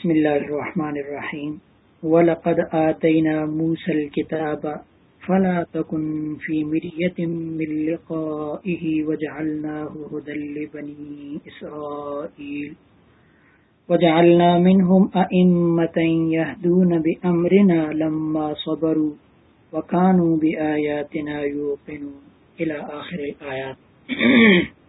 بسم الله الرحمن الرحيم ولقد آتينا موسى الكتاب فلا تكن في مرية من لقائه وجعلناه هدى لبني إسرائيل وجعلنا منهم أئمة يهدون بأمرنا لما صبروا وكانوا بآياتنا يوقنون إلى آخر الآيات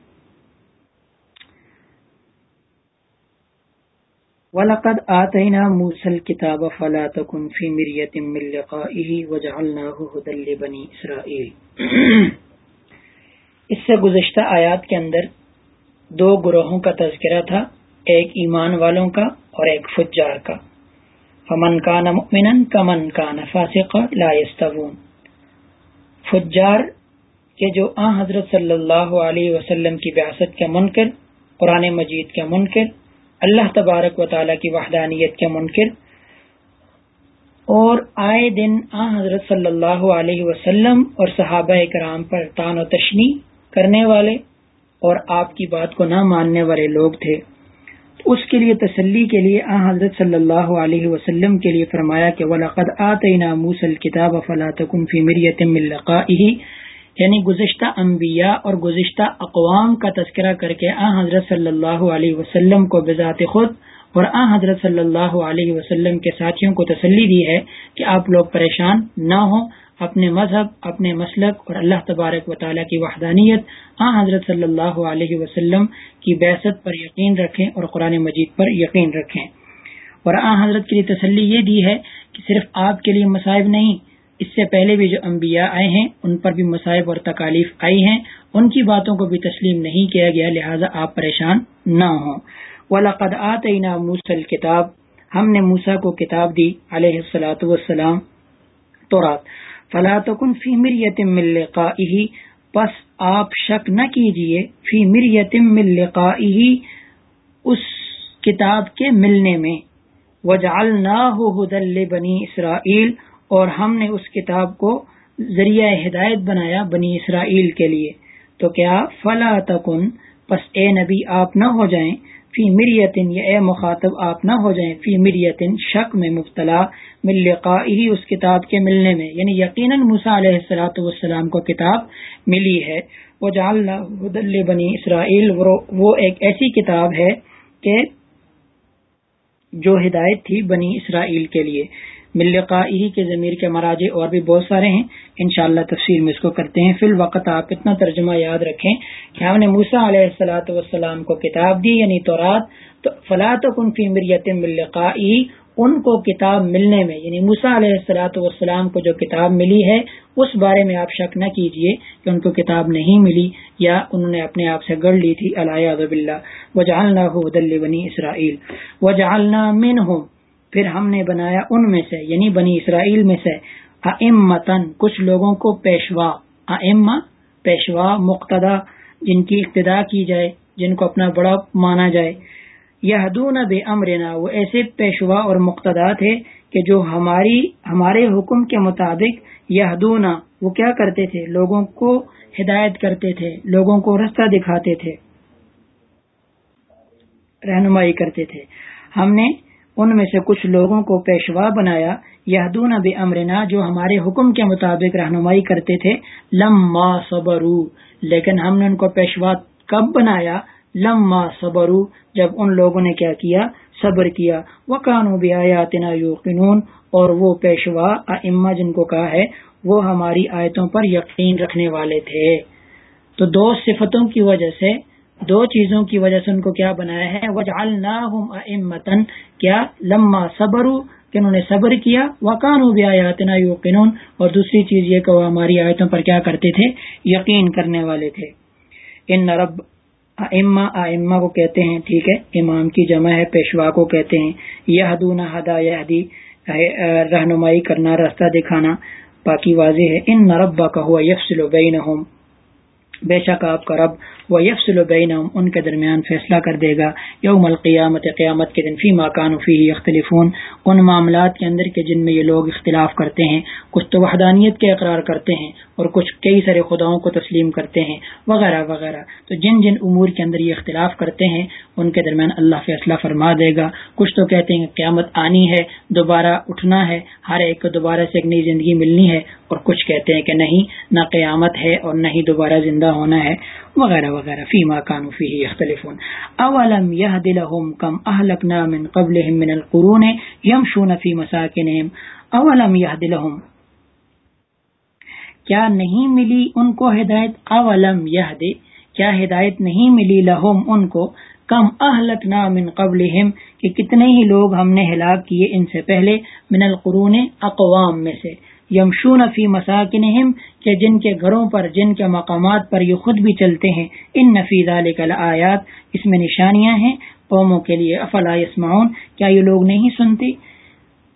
وَلَقَدْ آتَيْنَا مُوسَى الْكِتَابَ فَلَا تَكُنْ فِي مِرْيَةٍ مِّن لِقَائِهِ وَجَعَلْنَاهُ هُدًى لِبَنِي إِسْرَائِيلِ اس سے گزشتہ آیات کے اندر دو گروہوں کا تذکرہ تھا ایک ایمان والوں کا اور ایک فجار کا فَمَنْ كَانَ مُؤْمِنًا كَمَنْ كَانَ فَاسِقَ لَا يَسْتَوُونَ فجار کے جو آن حضرت صلی اللہ علیہ وسلم کی بعثت کے منکر قرآن مجید کے منکر اللہ تبارک و تعالیٰ کی وحدانیت کے منکر اور آئے دن آ حضرت صلی اللہ علیہ وسلم اور صحابہ کرام پر تان و تشنی کرنے والے اور آپ کی بات کو نہ ماننے والے لوگ تھے تو اس کے لیے تسلی کے لیے آ حضرت صلی اللہ علیہ وسلم کے لیے فرمایا فِي ولاقد ناموسل لَقَائِهِ یعنی گزشتہ انبیاء اور گزشتہ اقوام کا تذکرہ کر کے آ حضرت صلی اللہ علیہ وسلم کو بذات خود اور آ حضرت صلی اللہ علیہ وسلم کے ساتھیوں کو تسلی دی ہے کہ آپ لوگ پریشان نہ ہوں اپنے مذہب اپنے مسلک اور اللہ تبارک و تعالیٰ کی وحدانیت آ حضرت صلی اللہ علیہ وسلم کی بحثت پر یقین رکھیں اور قرآن مجید پر یقین رکھیں اور آ حضرت کے لیے تسلی یہ دی ہے کہ صرف آپ کے لیے مصائب نہیں اس سے پہلے بھی جو انبیاء آئے ہیں ان پر بھی مصائب اور تکالیف آئی ہیں ان کی باتوں کو بھی تسلیم نہیں کیا گیا لہٰذا آپ پریشان نہ ہوں ولاقد آت عینا موسل کتاب ہم نے موسا کو کتاب دی علیہ السلاۃ وسلام تو رات فلاطن فی مر یتم مل بس آپ شک نہ کیجئے فی مر یتم مل اس کتاب کے ملنے میں وجال نہ ہو بنی اسرائیل اور ہم نے اس کتاب کو ذریعہ ہدایت بنایا بنی اسرائیل کے لیے تو کیا فلا تکن پس اے نبی آپ نہ ہو جائیں فی مریتن یا اے مخاطب آپ نہ ہو جائیں فی مریتن شک میں مبتلا مل اس کتاب کے ملنے میں یعنی مسا علیہ السلاۃ والسلام کو کتاب ملی ہے وہ بنی اسرائیل وہ ایک ایسی کتاب ہے کہ جو ہدایت تھی بنی اسرائیل کے لیے ملقائی کے ضمیر کے مراجے اور بھی بہت سارے ہیں انشاءاللہ تفصیل میں اس کو کرتے ہیں فی الوقت آپ اتنا ترجمہ یاد رکھیں کہ ہم نے موسا علیہ السلاۃ والسلام کو کتاب دی یعنی تو رات تو فلاط ون مریت ملقہ ان کو کتاب ملنے میں یعنی موسا علیہ السلاۃ والسلام کو جو کتاب ملی ہے اس بارے میں آپ شک نہ کیجیے کہ ان کو کتاب نہیں ملی یا انہوں نے اپنے آپ سے گڑ لی تھی الب اللہ و جہل اسراہیل وہ جہل پھر ہم نے بنایا ان میں سے یعنی بنی اسرائیل میں سے کچھ لوگوں کو پیشوا پیشوا مقتدا جن کی اقتدا کی جائے جن کو اپنا بڑا مانا جائے بے امرنا وہ ایسے پیشوا اور مقتدا تھے کہ جو ہماری ہمارے حکم کے مطابق یہدون وہ کیا کرتے تھے لوگوں کو ہدایت کرتے تھے لوگوں کو رستہ دکھاتے تھے رہنمائی کرتے تھے ہم نے ان میں سے کچھ لوگوں کو پیشوا بنایا یہدون اب امرنا جو ہمارے حکم کے مطابق رہنمائی کرتے تھے لما لیکن ہم نے ان کو پیشوا کب بنایا لما صبرو جب ان لوگوں نے کیا کیا صبر کیا وہ بیاتنا آیاتنا اور وہ پیشوا اما جن کو کہا ہے وہ ہماری آیتوں پر یقین رکھنے والے تھے تو دو صفتوں کی وجہ سے دو چیزوں کی وجہ سے ان کو کیا بنایا ہے وجعلناہم ائمتن کیا لما صبرو کہ انہوں نے صبر کیا وقان بی آیاتنا یوقنون اور دوسری چیز یہ کہ وہ ہماری آیتوں پر کیا کرتے تھے یقین کرنے والے تھے ان رب اما اما کو کہتے ہیں ٹھیک ہے امام کی جمع ہے پیشوا کو کہتے ہیں یہ ہدا یہدی رہنمائی کرنا راستہ دکھانا باقی واضح ہے ان نربا کا ہوا یفسل بینہم بے شک آپ کا رب وہ یفس البین ان کے درمیان فیصلہ کر دے گا یوم القیامت قیامت کے دن فی فی اختلف ان معاملات کے اندر کے جن میں یہ لوگ اختلاف کرتے ہیں کچھ تو وحدانیت کے اقرار کرتے ہیں اور کچھ کئی سارے خداؤں کو تسلیم کرتے ہیں وغیرہ وغیرہ تو جن جن امور کے اندر یہ اختلاف کرتے ہیں ان کے درمیان اللہ فیصلہ فرما دے گا کچھ تو کہتے ہیں کہ قیامت آنی ہے دوبارہ اٹھنا ہے ہر ایک کو دوبارہ سے ایک نئی زندگی ملنی ہے اور کچھ کہتے ہیں کہ نہیں نہ قیامت ہے اور نہ ہی دوبارہ زندہ ہونا ہے وغیرہ وغیرہ وغیرہ فیما اولم اولم کم من القرون کیا نہیں ملی ان کو ہدایت اولم یہ کیا ہدایت نہیں ملی لہم ان کو کم اہلک نام قبلہم کہ کتنے ہی لوگ ہم نے ہلاک کیے ان سے پہلے من القرون اقوام میں سے یمشون فی مساکنہم کہ جن کے گھروں پر جن کے مقامات پر یہ خود بھی چلتے ہیں ان نفی اس میں نشانیاں ہیں قوموں کے لیے افلا یسمعون کیا یہ لوگ نہیں سنتے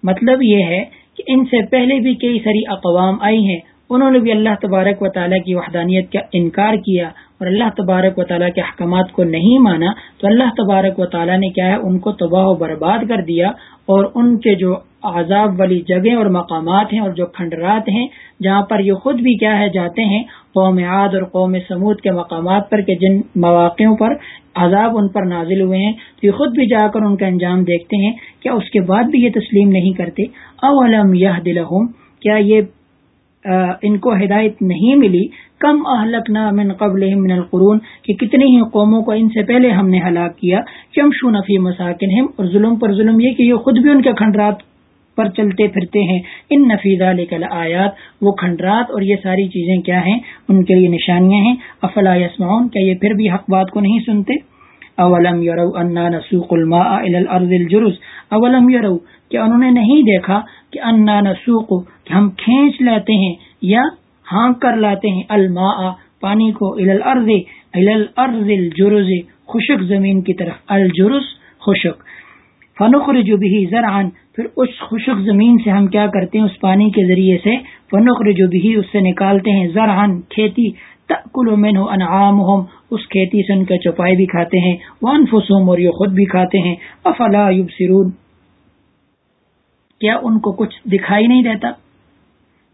مطلب یہ ہے کہ ان سے پہلے بھی کئی ساری اقوام آئی ہیں انہوں نے بھی اللہ تبارک و تعالیٰ کی وحدانیت کا انکار کیا اور اللہ تبارک و تعالیٰ کے احکامات کو نہیں مانا تو اللہ تبارک و تعالیٰ نے کیا ہے ان کو تباہ و برباد کر دیا اور ان کے جو عذاب والی جگہیں اور مقامات ہیں اور جو کھنڈرات ہیں جہاں پر یہ خود بھی کیا ہے جاتے ہیں قوم عاد اور قوم سمود کے مقامات پر کہ جن مواقعوں پر عذاب ان پر نازل ہوئے ہیں تو یہ خود بھی جا کر ان کا انجام دیکھتے ہیں کیا اس کے بعد بھی یہ تسلیم نہیں کرتے اولم یہ دلحم کیا یہ ان کو ہدایت نہیں ملی کم اہلکنا قبل من القرون کہ کتنی ہی قوموں کو ان سے پہلے ہم نے ہلاک کیا یمشون فی شونفی اور ظلم پر ظلم یہ کہ یہ خود بھی ان کے کھنڈرات پر چلتے پھرتے ہیں ان نفیزہ لے آیات وہ کھنڈرات اور یہ ساری چیزیں کیا ہیں ان کے لیے نشانیاں ہیں افلا یسمعون کیا یہ پھر بھی حق بات کو نہیں سنتے اولم یورو نسوق الماء الى الارض جروس اولم یورو کیا انہوں نے نہیں دیکھا کہ انا نسوق کہ ہم کھینچ لاتے ہیں یا ہانک کر لاتے ہیں الما پانی کو الارض الى الارض الجرز خشک زمین کی طرف الجرس خشک فنخر جو بھی زرآن پھر اس خشک زمین سے ہم کیا کرتے ہیں اس پانی کے ذریعے سے فنخر جو بھی اس سے نکالتے ہیں زرعن کھیتی تکل مین انعام ہوم اس کھیتی سے ان کا چپائی بھی کھاتے ہیں اور یہ خود بھی کھاتے ہیں افلا کیا ان کو کچھ دکھائی نہیں دیتا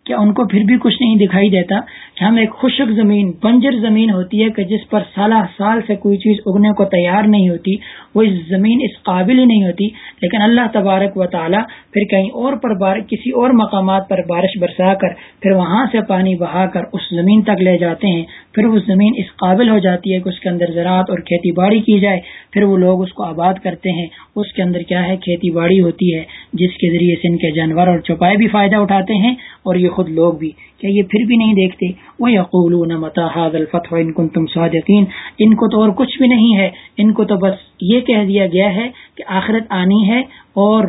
کیا ان کو پھر بھی کچھ نہیں دکھائی دیتا کہ ہم ایک خشک زمین بنجر زمین ہوتی ہے کہ جس پر سالہ سال سے کوئی چیز اگنے کو تیار نہیں ہوتی وہ اس زمین اس قابل ہی نہیں ہوتی لیکن اللہ تبارک و تعالی پھر کہیں اور پر بار کسی اور مقامات پر بارش برسا کر پھر وہاں سے پانی بہا کر اس زمین تک لے جاتے ہیں پھر وہ زمین اس قابل ہو جاتی ہے کہ اس کے اندر زراعت اور کھیتی باڑی کی جائے پھر وہ لوگ اس کو آباد کرتے ہیں اس کے اندر کیا ہے کھیتی باڑی ہوتی ہے جس کے ذریعے سے ان کے جانور اور چوپائے بھی فائدہ اٹھاتے ہیں اور یہ خود لوگ بھی کیا یہ پھر بھی نہیں دیکھتے وہ یقول ان ان کو تم تو اور کچھ بھی نہیں ہے ان کو تو بس یہ کہہ دیا گیا ہے کہ آخرت آنی ہے اور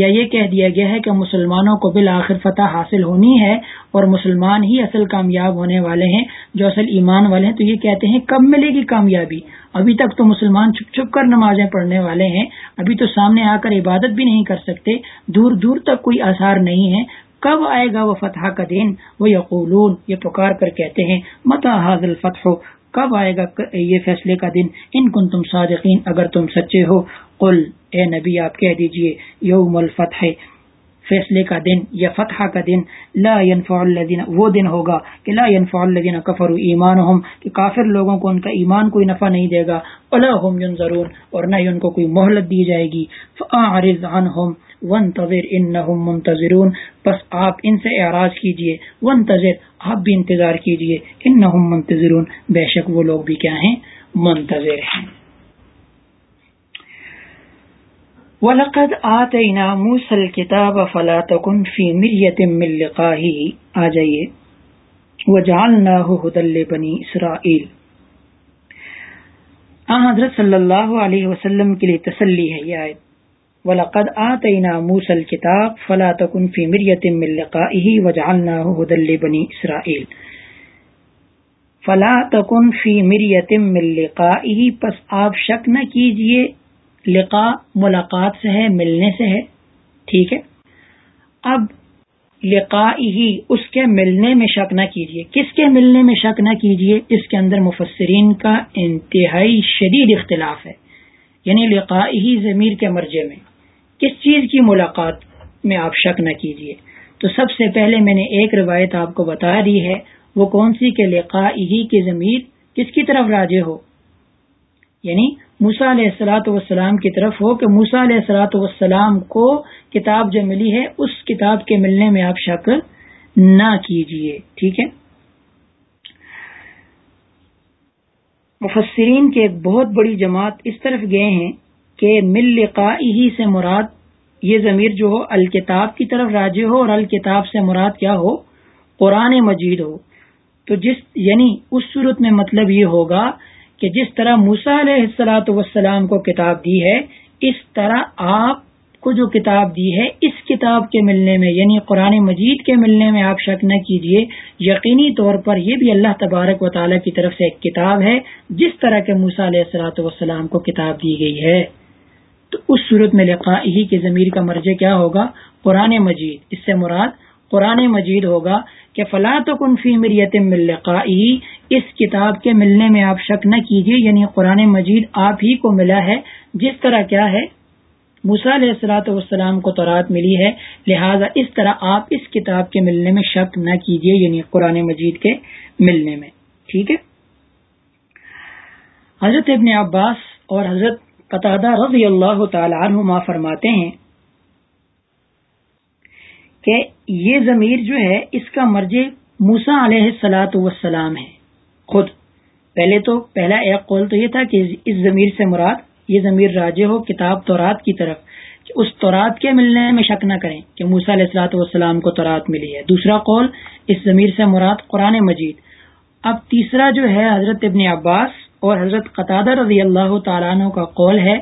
یا یہ کہہ دیا گیا ہے کہ مسلمانوں کو بالآخر فتح حاصل ہونی ہے اور مسلمان ہی اصل کامیاب ہونے والے ہیں جو اصل ایمان والے ہیں تو یہ کہتے ہیں کب ملے گی کامیابی ابھی تک تو مسلمان چھپ چھپ کر نمازیں پڑھنے والے ہیں ابھی تو سامنے آ کر عبادت بھی نہیں کر سکتے دور دور تک کوئی آثار نہیں ہے کب آئے گا وہ فتح کا دن وہ یقولون یہ پکار کر کہتے ہیں متا حاضل فتح کب آئے گا یہ فیصلے کا دن ان کن تم صادقین اگر تم سچے ہو قل اے نبی آپ کہہ دیجئے یوم الفتح فیصلے کا دن یا فتح کا دن لا ينفع الذین وہ دن ہوگا کہ لا ینفع الذین کفروا ایمانهم کہ کافر لوگوں کو ان کا ایمان کوئی نفع نہیں دے گا الا هم ینظرون اور نہ ہی ان کو کوئی مہلت دی جائے گی فاعرض عنهم وانتظر انهم منتظرون بس آپ ان سے اعراض کیجئے وانتظر آپ بھی انتظار کیجئے انهم منتظرون بے شک وہ لوگ بھی کیا ہیں منتظر ہیں وَلَقَدْ وَلَقَدْ آتَيْنَا آتَيْنَا مُوسَى مُوسَى الْكِتَابَ الْكِتَابَ فَلَا فَلَا تَكُنْ تَكُنْ فِي فِي مِرْيَةٍ مِرْيَةٍ مِّن مِّن وَجَعَلْنَاهُ وَجَعَلْنَاهُ هُدًى هُدًى آن حضرت صلی اللہ علیہ وسلم کے لیے تسلی ہے یہ آیت فلا تکن فی مریتم پس آپ شک نہ کیجئے لقا ملاقات سے ہے ملنے سے ہے ٹھیک ہے اب لقا ہی اس کے ملنے میں شک نہ کیجیے کس کے ملنے میں شک نہ کیجیے اس کے اندر مفسرین کا انتہائی شدید اختلاف ہے یعنی لقا ہی ضمیر کے مرجے میں کس چیز کی ملاقات میں آپ شک نہ کیجیے تو سب سے پہلے میں نے ایک روایت آپ کو بتا دی ہے وہ کون سی کہ لقا ہی کی ضمیر کس کی طرف راجے ہو یعنی موسا علیہ السلاۃ والسلام کی طرف ہو کہ موسا علیہ السلاۃ والسلام کو کتاب جو ملی ہے اس کتاب کے ملنے میں آپ شک نہ کیجیے ٹھیک ہے مفسرین کے ایک بہت بڑی جماعت اس طرف گئے ہیں کہ مل لقائی سے مراد یہ ضمیر جو ہو الکتاب کی طرف راجی ہو اور الکتاب سے مراد کیا ہو قرآن مجید ہو تو جس یعنی اس صورت میں مطلب یہ ہوگا کہ جس طرح موسا علیہ السلاط وسلام کو کتاب دی ہے اس طرح آپ کو جو کتاب دی ہے اس کتاب کے ملنے میں یعنی قرآن مجید کے ملنے میں آپ شک نہ کیجیے یقینی طور پر یہ بھی اللہ تبارک و تعالیٰ کی طرف سے ایک کتاب ہے جس طرح کے موسا علیہ السلاط وسلام کو کتاب دی گئی ہے تو اس صورت میں لکھا ہی کی ضمیر کا مرجع کیا ہوگا قرآن مجید اس سے مراد قرآن مجید ہوگا کہ تو کنفی مریت ملقائی اس کتاب کے ملنے میں آپ شک نہ کیجیے یعنی قرآن مجید آپ ہی کو ملا ہے جس طرح کیا ہے والسلام کو تورات ملی ہے لہٰذا اس طرح آپ اس کتاب کے ملنے میں شک نہ کیجیے یعنی قرآن مجید کے ملنے میں ٹھیک ہے حضرت ابن عباس اور حضرت قطع رضی اللہ تعالیٰ عنہما فرماتے ہیں کہ یہ ضمیر جو ہے اس کا مرج موسا علیہ السلاۃ وسلام ہے خود پہلے تو پہلا ایک قول تو یہ تھا کہ اس ضمیر سے مراد یہ ضمیر راجے ہو کتاب تو کی طرف اس تورات کے ملنے میں شک نہ کریں کہ موسا علیہ السلاۃ والسلام کو تورات ملی ہے دوسرا قول اس ضمیر سے مراد قرآن مجید اب تیسرا جو ہے حضرت ابن عباس اور حضرت قطع رضی اللہ تعالیٰ عنہ کا قول ہے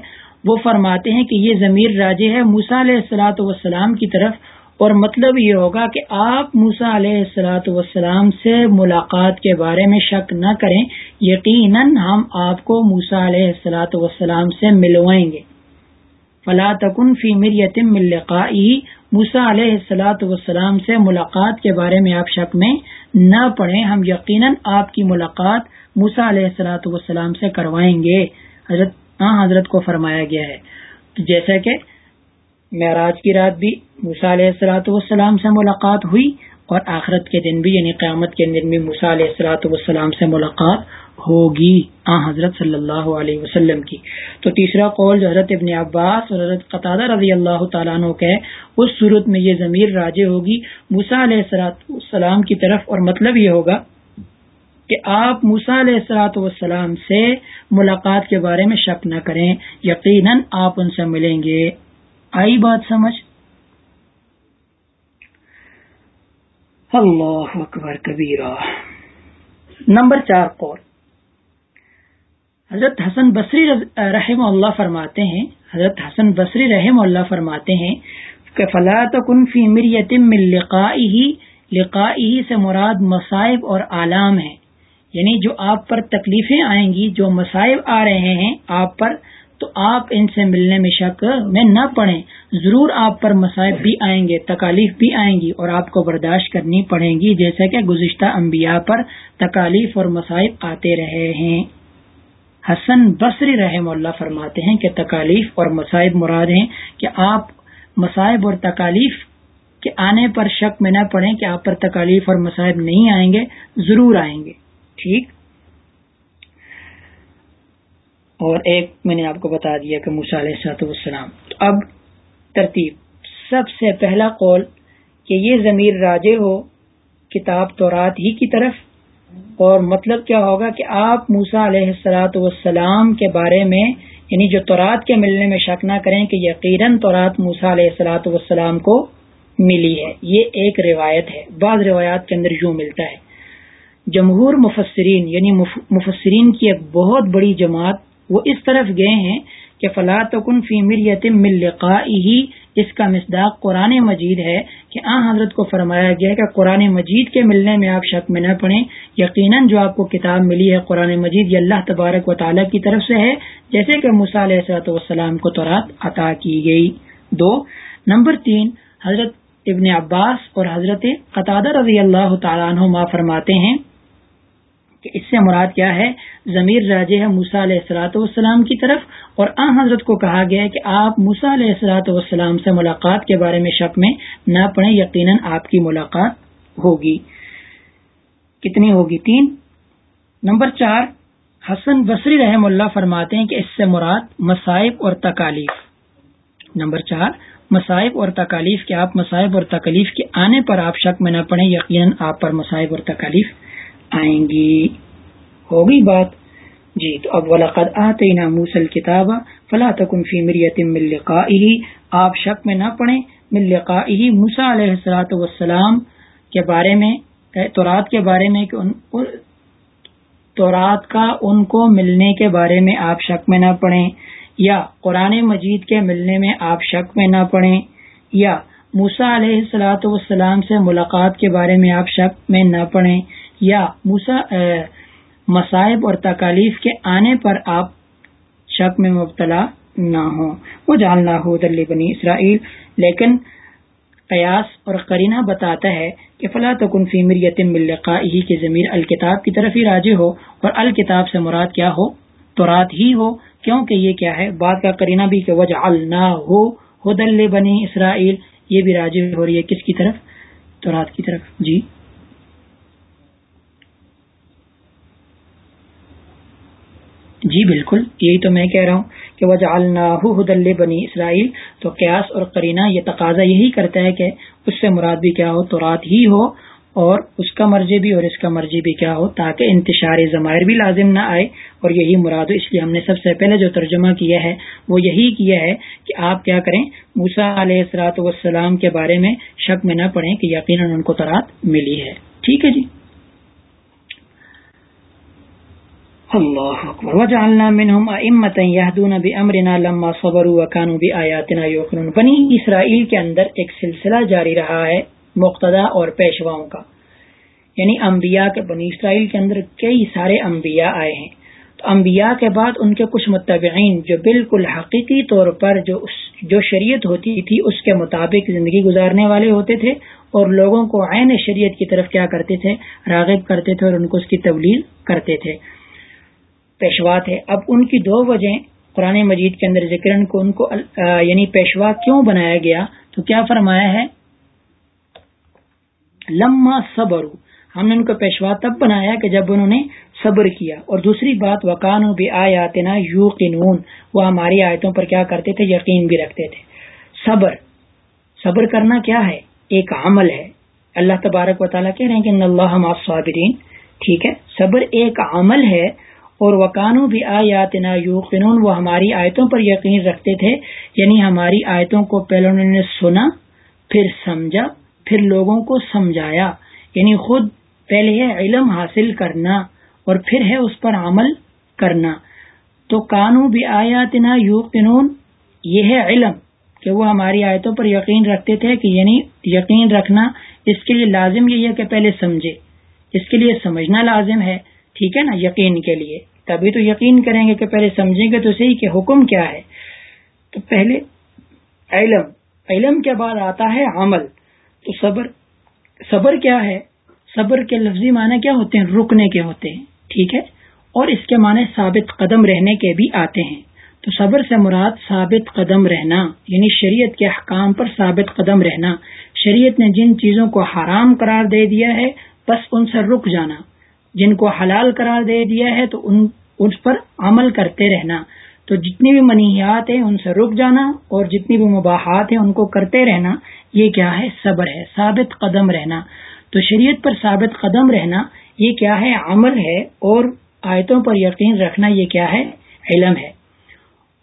وہ فرماتے ہیں کہ یہ ضمیر راجے ہے موسا علیہ السلاۃ والسلام کی طرف اور مطلب یہ ہوگا کہ آپ موسا علیہ السلاۃ والسلام سے ملاقات کے بارے میں شک نہ کریں یقیناً ہم آپ کو موسا علیہ السلاۃ وسلام سے ملوائیں گے فلا فی کن یتم ملقائی موسا علیہ السلاۃ وسلام سے ملاقات کے بارے میں آپ شک میں نہ پڑیں ہم یقیناً آپ کی ملاقات موسا علیہ السلاۃ وسلام سے کروائیں گے حضرت ہاں، حضرت کو فرمایا گیا ہے جیسا کہ معراج کی رات بھی علیہ السلاۃ والسلام سے ملاقات ہوئی اور آخرت کے دن بھی یعنی قیامت کے دن بھی علیہ السلاۃ والسلام سے ملاقات ہوگی آ حضرت صلی اللہ علیہ وسلم کی تو تیسرا قول جو حضرت ابن عباس اور حضرت قطع رضی اللہ تعالیٰ عنہ کے اس صورت میں یہ ضمیر راج ہوگی علیہ السلاۃ والسلام کی طرف اور مطلب یہ ہوگا کہ آپ موسا علیہ السلاۃ والسلام سے ملاقات کے بارے میں شک نہ کریں یقیناً آپ ان سے ملیں گے آئی بات سمجھ اللہ اکبر نمبر چار قول حضرت حسن بصری رحم اللہ فرماتے ہیں حضرت حسن بصری رحم اللہ فرماتے ہیں کہ فلاں فی مریتم من لقائی لقائی سے مراد مصائب اور آلام ہیں یعنی جو آپ پر تکلیفیں آئیں گی جو مصائب آ رہے ہیں آپ پر تو آپ ان سے ملنے میں شک میں نہ پڑیں ضرور آپ پر مصائب بھی آئیں گے تکالیف بھی آئیں گی اور آپ کو برداشت کرنی پڑیں گی جیسا کہ گزشتہ انبیاء پر تکالیف اور مصائب آتے رہے ہیں حسن بصری رحم اللہ فرماتے ہیں کہ تکالیف اور مصائب مراد ہیں کہ آپ مصائب اور تکالیف کے آنے پر شک میں نہ پڑیں کہ آپ پر تکالیف اور مصائب نہیں آئیں گے ضرور آئیں گے ٹھیک اور ایک میں نے آپ کو بتا دیا کہ موسا علیہ سات والسلام تو اب ترتیب سب سے پہلا قول کہ یہ ضمیر راجع ہو کتاب تو رات ہی کی طرف اور مطلب کیا ہوگا کہ آپ موسا علیہ السلاۃ والسلام کے بارے میں یعنی جو تورات کے ملنے میں شک نہ کریں کہ یقیناً تورات موسا علیہ السلاط والسلام کو ملی ہے یہ ایک روایت ہے بعض روایات کے اندر یوں ملتا ہے جمہور مفسرین یعنی مفسرین کی ایک بہت بڑی جماعت وہ اس طرف گئے ہیں کہ فلاں تو کن فی مل یتم ملقہ ہی اس کا مصداق قرآن مجید ہے کہ حضرت کو فرمایا گیا کہ قرآن مجید کے ملنے میں آپ شک میں نہ پڑیں یقیناً جو آپ کو کتاب ملی ہے قرآن مجید یہ اللہ تبارک و تعالیٰ کی طرف سے ہے جیسے کہ مثال حص وسلام کو تو عطا کی گئی دو نمبر تین حضرت ابن عباس اور حضرت قطع رضی اللہ تعالیٰ ما فرماتے ہیں کہ اس سے مراد کیا ہے ضمیر راجہ ہے موسا علیہ السلاۃ والسلام کی طرف اور آ حضرت کو کہا گیا ہے کہ آپ موسا علیہ السلاۃ والسلام سے ملاقات کے بارے میں شک میں نہ پڑیں یقیناً آپ کی ملاقات ہوگی کتنی ہوگی تین نمبر چار حسن بصری رحم اللہ فرماتے ہیں کہ اس سے مراد مصائب اور تکالیف نمبر چار مصائب اور تکالیف کے آپ مصائب اور تکلیف کے آنے پر آپ شک میں نہ پڑیں یقیناً آپ پر مصائب اور تکالیف آئیں گی ہوگی بات جی تو اب ولاقد آتے نا موسل کتاب فلاں تکن فی مریت مل آپ شک میں نہ پڑھیں مل ہی موسا علیہ السلاۃ وسلام کے بارے میں تورات کے بارے میں تورات کا ان کو ملنے کے بارے میں آپ شک میں نہ پڑھیں یا قرآن مجید کے ملنے میں آپ شک میں نہ پڑھیں یا موسا علیہ السلاۃ وسلام سے ملاقات کے بارے میں آپ شک میں نہ پڑھیں موسا مصائب اور تکالیف کے آنے پر آپ شک میں مبتلا نہ ہوں وہ جال نہ ہو دلی بنی اسرائیل لیکن قیاس اور قرینہ بتاتا ہے کہ فلاں تو فیمر یتیم ہی کی ضمیر الکتاب کی طرف ہی راجی ہو اور الکتاب سے مراد کیا ہو تو رات ہی ہو کیونکہ یہ کیا ہے بات کا کرینہ بھی کہ وجہ النا ہو ہدل بنی اسرائیل یہ بھی راجی ہو رہی ہے کس کی طرف تو رات کی طرف جی جی بالکل یہی تو میں کہہ رہا ہوں کہ وہ اللہ حدل بنی اسرائیل تو قیاس اور کرینہ یہ تقاضا یہی کرتا ہے کہ اس سے مراد بھی کیا ہو تو رات ہی ہو اور اس کا مرضی بھی اور اس کا مرضی بھی کیا ہو تاکہ انتشار ضمائر بھی لازم نہ آئے اور یہی مراد اس لیے ہم نے سب سے پہلے جو ترجمہ کیا ہے وہ یہی کیا ہے کہ آپ کیا کریں موسا علیہ اثرات والسلام کے بارے میں شک میں نہ پڑیں کہ یقیناً ان کو تو ملی ہے ٹھیک ہے جی اللہ وکانوا بآیاتنا یوقنون بنی اسرائیل کے اندر ایک سلسلہ جاری رہا ہے مقتدا اور پیشواؤں کا یعنی انبیاء کے بنی اسرائیل کے اندر کئی سارے انبیاء آئے ہیں تو انبیاء کے بعد ان کے کچھ متبعین جو بالکل حقیقی طور پر جو جو شریعت ہوتی تھی اس کے مطابق زندگی گزارنے والے ہوتے تھے اور لوگوں کو عین شریعت کی طرف کیا کرتے تھے راغب کرتے تھے اور ان کو اس کی تبلیغ کرتے تھے پیشوا تھے اب ان کی دو وجہ قرآن مجید کے اندر ذکر ان کو کو یعنی پیشوا کیوں بنایا گیا تو کیا فرمایا ہے لما صبر ہم نے ان کو پیشوا تب بنایا کہ جب انہوں نے صبر کیا اور دوسری بات و بھی آئے یو وہ ہماری آیتوں پر کیا کرتے تھے یقین بھی رکھتے تھے صبر صبر کرنا کیا ہے ایک عمل ہے اللہ تبارک و تعالیٰ کہہ رہے ہیں کہ صابرین ٹھیک ہے صبر ایک عمل ہے اور وکانو بھی آیات نا یو وہ ہماری آیتوں پر یقین رکھتے تھے یعنی ہماری آیتوں کو پہلے انہوں نے سنا پھر سمجھا پھر لوگوں کو سمجھایا یعنی خود پہلے ہے علم حاصل کرنا اور پھر ہے اس پر عمل کرنا تو کانو بھی آیات نا یو قنون یہ ہے علم کہ وہ ہماری آیتوں پر یقین رکھتے تھے کہ یعنی یقین رکھنا اس کے لیے لازم یہ ہے کہ پہلے سمجھے اس کے لیے سمجھنا لازم ہے ٹھیک ہے نا یقین کے لیے تبھی تو یقین کریں گے کہ پہلے سمجھیں گے تو صحیح کہ حکم کیا ہے تو پہلے علم علم کے بعد آتا ہے عمل تو صبر صبر کیا ہے صبر کے لفظی معنی کیا ہوتے ہیں رکنے کے ہوتے ہیں ٹھیک ہے اور اس کے معنی ثابت قدم رہنے کے بھی آتے ہیں تو صبر سے مراد ثابت قدم رہنا یعنی شریعت کے احکام پر ثابت قدم رہنا شریعت نے جن چیزوں کو حرام قرار دے دیا ہے بس ان سے رک جانا جن کو حلال قرار دے دیا ہے تو ان اس پر عمل کرتے رہنا تو جتنی بھی منحات ہیں ان سے رک جانا اور جتنی بھی مباحات ہیں ان کو کرتے رہنا یہ کیا ہے صبر ہے ثابت قدم رہنا تو شریعت پر ثابت قدم رہنا یہ کیا ہے عمل ہے اور آیتوں پر یقین رکھنا یہ کیا ہے علم ہے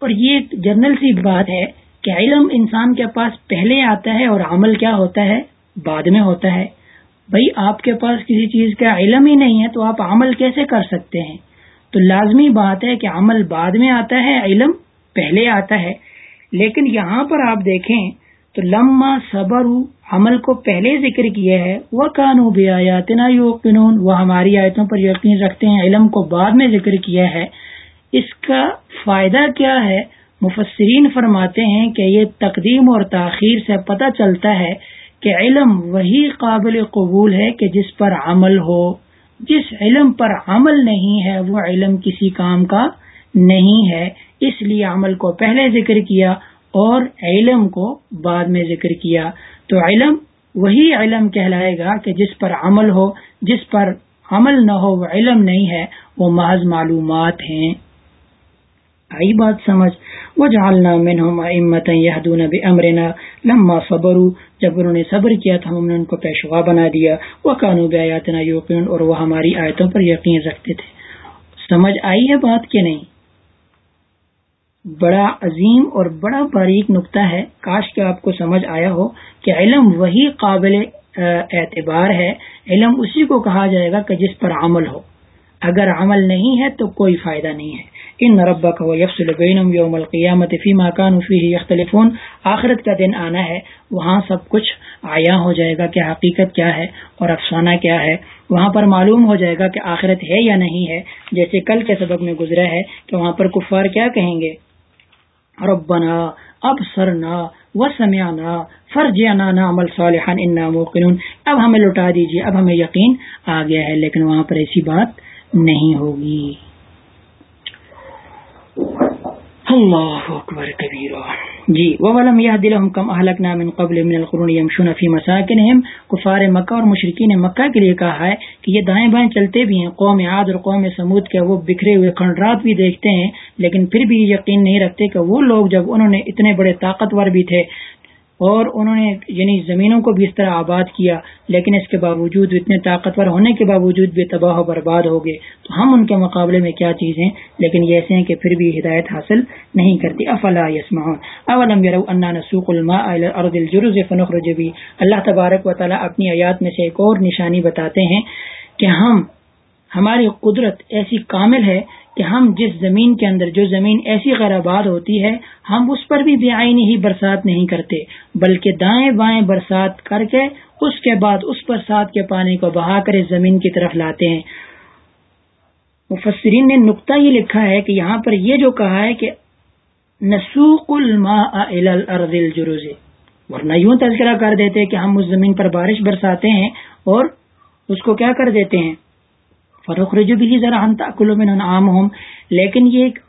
اور یہ ایک جنرل سی بات ہے کہ علم انسان کے پاس پہلے آتا ہے اور عمل کیا ہوتا ہے بعد میں ہوتا ہے بھائی آپ کے پاس کسی چیز کا علم ہی نہیں ہے تو آپ عمل کیسے کر سکتے ہیں تو لازمی بات ہے کہ عمل بعد میں آتا ہے علم پہلے آتا ہے لیکن یہاں پر آپ دیکھیں تو لما صبر عمل کو پہلے ذکر کیا ہے وہ قانوبی آیات نا یوقنون وہ ہماری آیتوں پر یقین رکھتے ہیں علم کو بعد میں ذکر کیا ہے اس کا فائدہ کیا ہے مفسرین فرماتے ہیں کہ یہ تقدیم اور تاخیر سے پتہ چلتا ہے کہ علم وہی قابل قبول ہے کہ جس پر عمل ہو جس علم پر عمل نہیں ہے وہ علم کسی کام کا نہیں ہے اس لیے عمل کو پہلے ذکر کیا اور علم کو بعد میں ذکر کیا تو علم وہی علم کہلائے گا کہ جس پر عمل ہو جس پر عمل نہ ہو وہ علم نہیں ہے وہ محض معلومات ہیں بات سمجھ جنا امت یادون اب امرنا لما صبر جب انہوں نے صبر کیا تو ہم نے ان کو پیشوا بنا دیا وہ ہماری آیتوں پر یقین رکھتے تھے سمجھ آئی ہے بات کہ نہیں بڑا عظیم اور بڑا باریک نقطہ ہے کاش کہ آپ کو سمجھ آیا ہو کہ علم وہی قابل اعتبار ہے علم اسی کو کہا جائے گا کہ جس پر عمل ہو اگر عمل نہیں ہے تو کوئی فائدہ نہیں ہے ان ربک و یفص فی یختلفون آخرت کا دن آنا ہے وہاں سب کچھ آیا ہو جائے گا کہ حقیقت کیا ہے اور افسانہ کیا ہے وہاں پر معلوم ہو جائے گا کہ آخرت ہے یا نہیں ہے جیسے کل کے سبق میں گزرا ہے کہ وہاں پر کفار کیا کہیں گے ربنا نا اب سرنا و سمیا نا فرجانا عمل صالحان ان اب ہمیں لٹا دیجیے اب ہمیں یقین آ گیا ہے لیکن وہاں پر ایسی بات نہیں ہوگی اللہ اکبر جی القرون یمشون فی نیم کفار مکہ اور مشرقین مکہ کے لیے کہا ہے کہ یہ دائیں بائیں چلتے بھی ہیں قوم عاد اور قوم سمود کے وہ بکھرے ہوئے کھنڈرات بھی دیکھتے ہیں لیکن پھر بھی یقین نہیں رکھتے کہ وہ لوگ جب انہوں نے اتنے بڑے طاقتور بھی تھے اور انہوں نے یعنی زمینوں کو بھی اس طرح آباد کیا لیکن اس کے باوجود اتنے طاقتور ہونے کے باوجود بھی تباہ و برباد ہو گئے تو ہم ان کے مقابلے میں کیا چیز ہیں لیکن یہ ایسے ہیں کہ پھر بھی ہدایت حاصل نہیں کرتی افلاس الجرز اب المیران اللہ تبارک و تعالیٰ اپنی آیات میں سے ایک اور نشانی بتاتے ہیں کہ ہم ہماری قدرت ایسی کامل ہے کہ ہم جس زمین کے اندر جو زمین ایسی غیر آباد ہوتی ہے ہم اس پر بھی بے آئینی ہی برسات نہیں کرتے بلکہ دائیں بائیں برسات کر کے اس کے بعد اس برسات کے پانی کو بہا کر اس زمین کی طرف لاتے ہیں مفسرین نے نقطہ یہ لکھا ہے کہ یہاں پر یہ جو کہا ہے کہ نسوق الماء الی الارض ورنہ یوں تذکرہ کر دیتے کہ ہم اس زمین پر بارش برساتے ہیں اور اس کو کیا کر دیتے ہیں فروخ رجو بھی ذرا ہم تاکل میں عام ہوں لیکن یہ ایک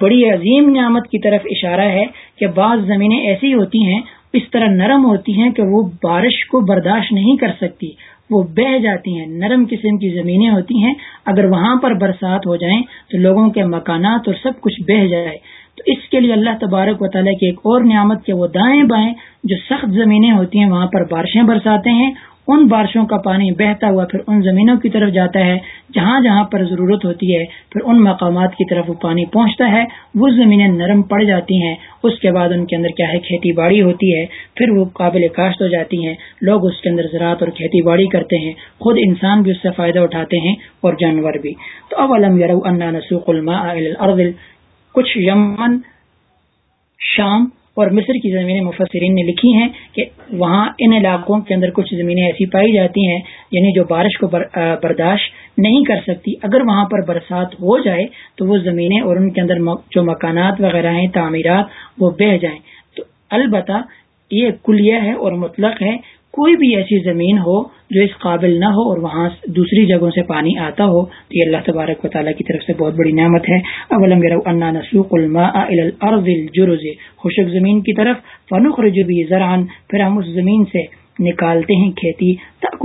بڑی عظیم نعمت کی طرف اشارہ ہے کہ بعض زمینیں ایسی ہوتی ہیں اس طرح نرم ہوتی ہیں کہ وہ بارش کو برداشت نہیں کر سکتی وہ بہہ جاتی ہیں نرم قسم کی زمینیں ہوتی ہیں اگر وہاں پر برسات ہو جائیں تو لوگوں کے مکانات اور سب کچھ بہ جائے تو اس کے لیے اللہ تبارک و تعالیٰ کی ایک اور نعمت کے وہ دائیں بائیں جو سخت زمینیں ہوتی ہیں وہاں پر بارشیں برساتے ہیں ان بارشوں کا پانی بہتا ہوا پھر ان زمینوں کی طرف جاتا ہے جہاں جہاں پر ضرورت ہوتی ہے پھر ان مقامات کی طرف وہ پانی پہنچتا ہے وہ زمینیں نرم پڑ جاتی ہیں اس کے بعد ان کے اندر کیا ہے کھیتی باڑی ہوتی ہے پھر وہ قابل کاشت ہو جاتی ہیں لوگ اس کے اندر زراعت اور کھیتی باڑی کرتے ہیں خود انسان بھی اس سے فائدہ اٹھاتے ہیں اور جانور بھی تو او الم یار کچھ یمن شام اور مصر کی زمینیں مفسرین نے لکھی ہیں کہ وہاں ان علاقوں کے اندر کچھ زمینیں ایسی پائی جاتی ہیں یعنی جو بارش کو برداشت نہیں کر سکتی اگر وہاں پر برسات ہو جائے تو وہ زمینیں اور ان کے اندر جو مکانات وغیرہ ہیں تعمیرات وہ بہہ جائیں تو البتہ یہ کلیہ ہے اور مطلق ہے کوئی بھی ایسی زمین ہو جو اس قابل نہ ہو اور وہاں دوسری جگہوں سے پانی آتا ہو تو یہ اللہ تبارک و تعالیٰ کی طرف سے بہت بڑی نعمت ہے اولم زمین کی طرف پھر ہم اس زمین سے نکالتے ہیں کھیتی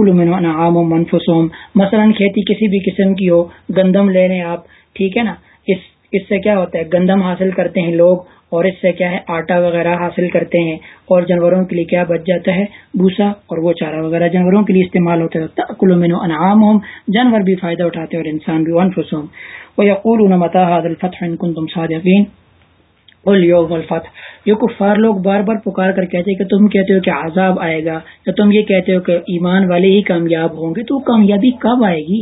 انعام و منفسوم مثلا کھیتی کسی بھی قسم کی ہو گندم لے لیں آپ ٹھیک ہے نا اس اس سے کیا ہوتا ہے گندم حاصل کرتے ہیں لوگ اور اس سے کیا ہے آٹا وغیرہ حاصل کرتے ہیں اور جانوروں کے لیے کیا بچ جاتا ہے بھوسا اور وہ چارہ وغیرہ جانوروں کے لیے استعمال ہوتا ہوتے ہیں انعام ہوم جانور بھی فائدہ اٹھاتے ہیں اور انسان بھی ان خوش ہو یقور کفار لوگ بار بار پکار کر کہتے ہیں کہ تم کہتے ہو کہ عذاب آئے گا یا تم یہ کہتے ہو کہ ایمان والے ہی کامیاب ہوں گے تو کامیابی کب آئے گی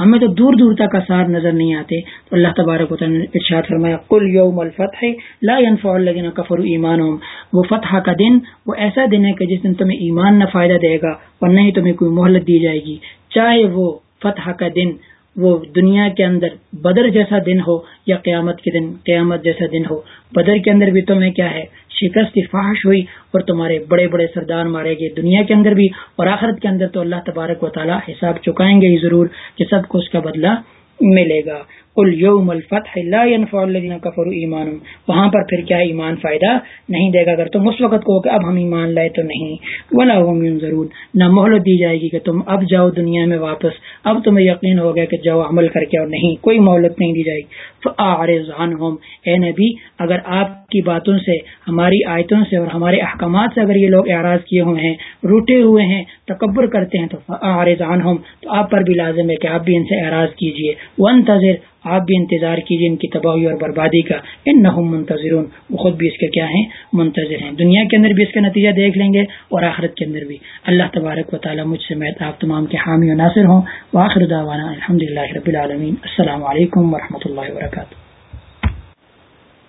ہمیں تو دور دور تک آثار نظر نہیں آتے تو اللہ تبارک ارشاد فرمایا یوم الفتح لا ينفع الذين كفروا ایمانهم وہ فتح کا دن وہ ایسا دن ہے کہ جس دن تمہیں ایمان نہ فائدہ دے گا اور نہ ہی تمہیں کوئی مہلت دی جائے گی چاہے وہ فتح کا دن وہ دنیا کے اندر بدر جیسا دن ہو یا قیامت کے دن قیامت جیسا دن ہو بدر کے اندر بھی تمہیں کیا ہے شکست فحش فاحش ہوئی اور تمہارے بڑے بڑے سردار مارے گئے دنیا کے اندر بھی اور آخرت کے اندر تو اللہ تبارک و تعالیٰ حساب چکائیں گے ہی ضرور کہ سب کو اس کا بدلہ ملے گا وہاں پر پھر کیا ایمان فائدہ نہیں دے گا اگر تم اس وقت کہ اب ہم ایمان لائے تو نہیں ضرور نہ مہلت دی جائے گی کہ تم اب جاؤ دنیا میں واپس اب تمہیں یقین ہو گیا کہ جاؤ عمل کر کے اور نہیں کوئی مہلت نہیں دی جائے گی فاعرض ہوم اے نبی اگر آپ کی باتوں سے ہماری آیتوں سے اور ہمارے احکامات سے اگر یہ لوگ اعراض کیے ہوئے ہیں روٹے ہوئے ہیں تکبر کرتے ہیں تو فاعرض ہوم تو آپ پر بھی لازم ہے کہ آپ بھی ان سے اعراض کیجیے ون تذر آپ بھی انتظار کیجیے ان کی تباہی اور بربادی کا ان نہ وہ خود بھی اس کے کیا ہیں منتظر ہیں دنیا کے اندر بھی اس کا نتیجہ دیکھ لیں گے اور آخرت کے اندر بھی اللہ تبارک و تعالیٰ مجھ سے آپ تمام کے حامی و ناصر ہوں دعوانا الحمد اللہ رب العالمین السلام علیکم و اللہ وبرکاتہ